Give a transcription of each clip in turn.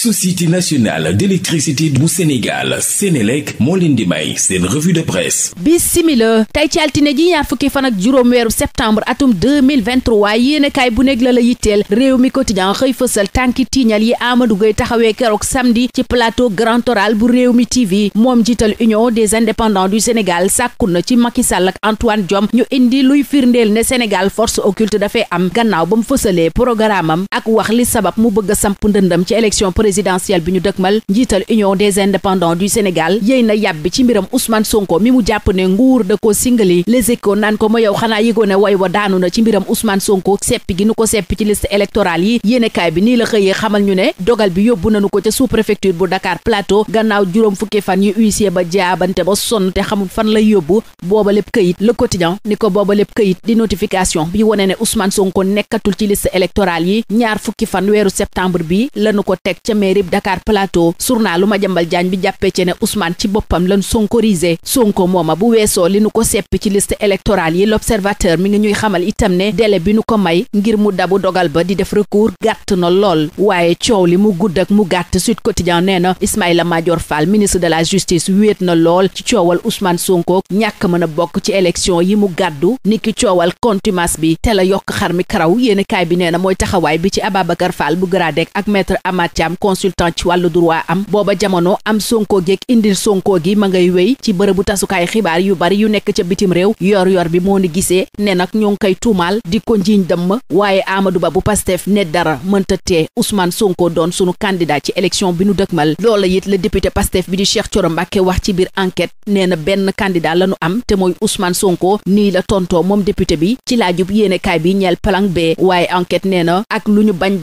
société nationale d'électricité bu Sénégal Sénélec moo leen di may seen revue de presse bisimila tey ci altine ji fukki fan ak juróom weeru septembre atum 2023 yéenekaay bu nekk la la yitteel réew mi quotidien xëy fësal tànki tiiñal yi Amadou Gueye taxawee keroog samedi ci plateau Grand Oral bu réew mi TV moom jiital Union des indépendants du Sénégal sàkku na ci Macky Sall ak Antoine Diome ñu indi luy firndeel ne Sénégal force occulte dafay am gannaaw ba mu fësalee programme am ak wax li sabab a présidentielle bi ñu dëkmal njiital union des indépendants du Sénégal yéy na yàbbi ci mbiram Ousmane Sonko mi mu jàpp ne nguur da ko singali les échos naan ko ma yow xanaa yëgoon ne way wa daanu na ci mbiram Ousmane Sonko seppi gi nu ko seppi ci liste électorale yi yéenekaay bi nii la xëyee xamal ñu ne dogal bi yóbbu nañu ko ca sous préfecture bu Dakar Plateau gannaaw juróom fukki fan yu huissier ba jaabante ba sonn te xamul fan lay yóbbu booba lépp mairie bi Dakar Plateau journal lu ma jambal jaañ bi jàppee ci ne Ousmane ci boppam lan sonkorisé sonko mooma bu weesoo li nu ko sepp ci liste électorale yi l'observateur mi ngi ñuy xamal itam ne délai bi nu ko may ngir mu dabu dogal ba di def recours gàtt na lool waaye coow li mu gudd ak mu gàtt Sud Quotidien nee na la Madior Fall ministre de la justice wéet na lool ci coowal Ousmane Sonko ñàkk mën a bokk ci élection yi mu gàddu niki coowal contumace bi te yokk xar mi karaw kaay bi nee na mooy taxawaay bi ci Ababacar consultant ci wàllu droit am booba jamono am sonkoo geeg indil sonkoo gi ma ngay wéy ci bërëbu tasukaay xibaar yu bari yu nekk ca bitim réew yor yor bi moo ni gisee ne nag ñoo ngi koy tuumaal di ko njiiñ dëmm waaye Amadou Ba bu Pastef ne dara mënta tee Ousmane Sonko doon sunu candidat ci élection bi nu dëkmal loola it la député Pastef bi di Cheikh Thioro Mbacké wax ci biir enquête nee na benn candidat la am te mooy Ousmane Sonko nii la tontoo moom député bi bi ñeel B waaye enquête nee na ak lu ñu bañ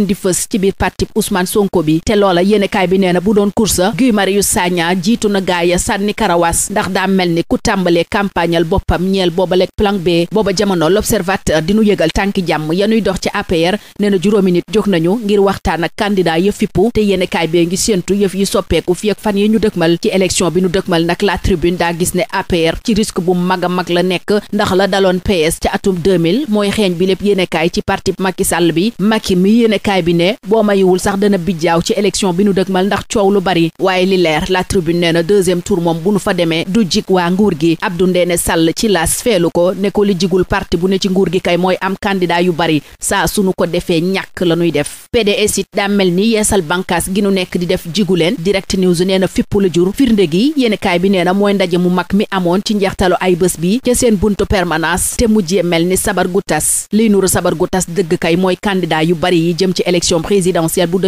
gën di fës ci biir parti Ousmane Sonko bi te loola yéenekaay bi nee na bu doon kursa Guy Marius Sagna jiitu na gaaya sànni karawaas ndax daa mel ni ku tàmbalee campagneal boppam ñeel boobalek plan B booba jamono l'observateur di nu tànki jàmm yanuy dox ci APR nee na juróomi nit jóg nañu ngir waxtaan ak candidat yëf fippu te yéenekaay bee ngi séentu yëf yi soppeeku fi fan yi ñu dëkmal ci élection bi ñu dëkmal nag la tribune daa gis ne APR ci risque bu mag a mag la nekk ndax la daloon yéenekaay bi ne boo mayiwul sax dana bijjaaw ci élection bi nu dëgmal ndax coow lu bari waaye li leer la tribune nee na deuxième tour moom bu nu fa demee du jig waa nguur gi Abdou Ndéné Sall ci laas feelu ko ne ko li jigul parti bu ne ci nguur gi kay mooy am candidat yu bari saa sunu ko defee ñàkk la ñuy def PDS it daa mel ni yeesal bànkaas gi nu nekk di def jigu leen direct news nee na fippu la jur firnde gi yéenekaay bi nee na mooy ndaje mu mag mi amoon ci njeextalu ay bés bi ca seen buntu permanence te mujjee mel ni sabar gu tas lii nuru sabar gu tas dëgg kay mooy candidat yu bari yi jëm ci élection présidentielle bu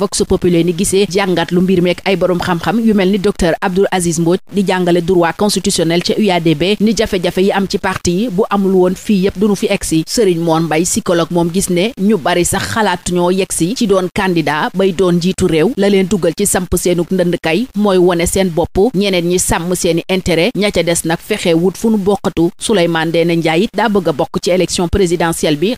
Vox Populi ni gisee jàngat mbir meek ay borom xam-xam yu mel ni docteur Abdoul Aziz Mbodj di jàngale droit constitutionnel ca UADB ni jafe-jafe yi am ci parti yi bu amul woon fii du duñu fi egsi Serigne Mor Mbaye psychologue moom gis ne ñu bari sax xalaatu ñoo yegsi ci doon candidat bay doon njiitu réew la leen dugal ci samp seenuk ndënd kay mooy wone seen bopp ñeneen ñi sàmm seeni intérêt ña ca des nag fexe wut fu nu bokkatu Souleymane Ndéné Ndiaye it daa bëgg a bokk ci élection présidentielle bi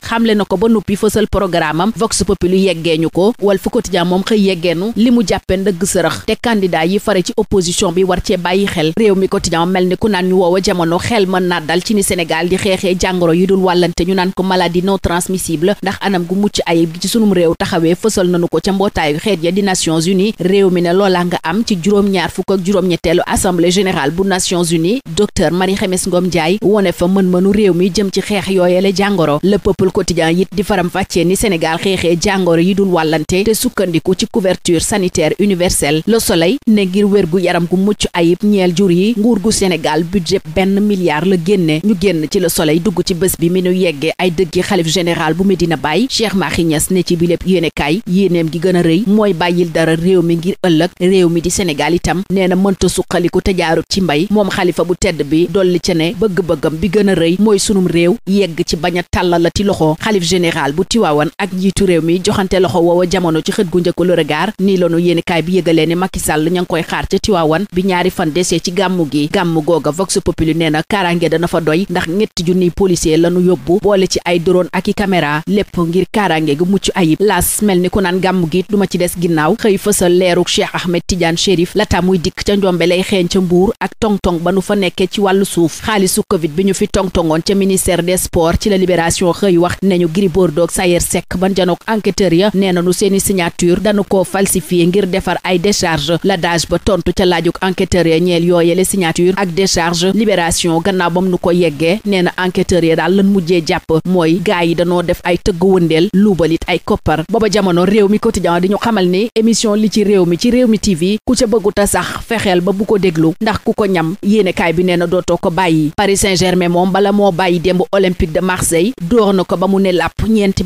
vox populi yeggee ñu ko Walf Quotidien moom xëy yeggeenu li mu jàppee ndëgg sërëx te candidat yi fare ci opposition bi war cee bàyyi xel réew mi quotidien mel ni ku naan ñu woowa jamono xel mën naa dal ci ni Sénégal di xeexee jàngoro yi dul wàllante ñu naan ko maladie non transmissible ndax anam gu mucc ayib gi ci sunum réew taxawee fësal nañu ko ca mbootaayu xeet ya di Nations Unies réew mi ne loolaa nga am ci juróom-ñaar fukk ak juróom-ñetteelu assemblée générale bu Nations Unies docteur Marie Khemesse Ngom Ndiaye wone fa mën-mënu réew mi jëm ci xeex yooyele jàngoro le peuple quotidien it di faram fàccee ni xeexee jàngoro yi dul wàllante te sukkandiku ci couverture sanitaire universelle le soleil ne ngir wér gu yaram gu mucc ayib ñeel jur yi nguur gu Sénégal budget benn milliard la génne ñu génn ci le soleil dugg ci bés bi mi nu yeggee ay dëggi xalif général bu Medina Baye Cheikh Mahi Niass ne ci bi lépp yéenekaay yéeneem gi gën a rëy mooy bàyyil dara réew mi ngir ëllëg réew mi di senegal itam nee na mënta suqaliku te jaarut ci mbay moom xalifa bu tedd bi dolli ca ne bëgg-bëggam bi gën a rëy mooy sunum réew yegg ci bañ a tàllalati loxo xalif njiitu réew mi joxante loxo woowa jamono ci xët gu njëkk Le Regard nii lanu yéenekaay bi yëgalee ne Macky Sall ña ngi koy xaar ca Tiwaawan bi ñaari fan desee ci gàmmu gi gàmmu googa Vox Populi nee na kaaraange dana fa doy ndax ñetti junniy policier lanu yóbbu boole ci ay drone ak i caméra lépp ngir kaaraange gu mucc ayib laas mel ni ku naan gàmmu gi duma ci des ginnaaw xëy fësal leeruk Cheikh Ahmed Tidiane Chérif lata muy dikk ca njombe lay xeeñ ca mbuur ak tong ba nu fa nekkee ci wàllu suuf xaalisu covid bi ñu fi tong-tongoon ca ministère des sports ci la libération xëy kanamu enquêteurs ya nee nañu seeni signature dañu koo falsifié ngir defar ay décharge la dage ba tontu ca laajug enquêteurs ya ñeel yooyele signature ak décharge libération gannaaw bam nu ko yeggee nee na enquêteurs ya daal lan mujjee jàpp mooy gaay yi danoo def ay tëgg wëndeel luubalit ay koppar booba jamono réew mi quotidien di ñu xamal ni émission li ci réew mi ci réew mi TV ku ca bëgguta sax fexeel ba bu ko déglu ndax ku ko ñam yéenekaay bi nee na dootoo ko bàyyi Paris Saint-Germain moom bala moo bàyyi démb Olympique de Marseille door ko ba mu ne làpp ñeenti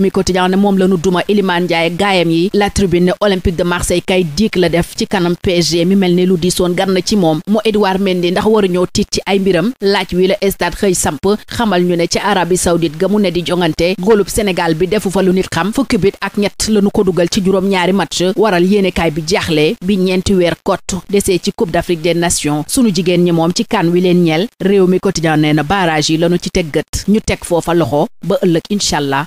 mi quotidien ne moom la nu duma Iliman Ndiaye gaayam yi la tribune ne olympique de marseille kay diik la def ci kanam PSG mi mel ni lu diisoon gan na ci moom mu Edouard Mendy ndax waru ñoo tiit ci ay mbiram laaj wi la stade xëy samp xamal ñu ne ci arabie saoudite ga mu ne di jongante góolub sénégal bi defu fa lu nit xam fukki bit ak ñett la nu ko dugal ci juróom ñaari match waral yéenekaay bi jaaxle bi ñeenti weer kott desee ci coupe d'afrique des nations sunu jigéen ñi moom ci kan wi leen ñeel réew mi quotidien nee na barrage yi lanu ci teggët ñu teg foofa loxo ba incha allah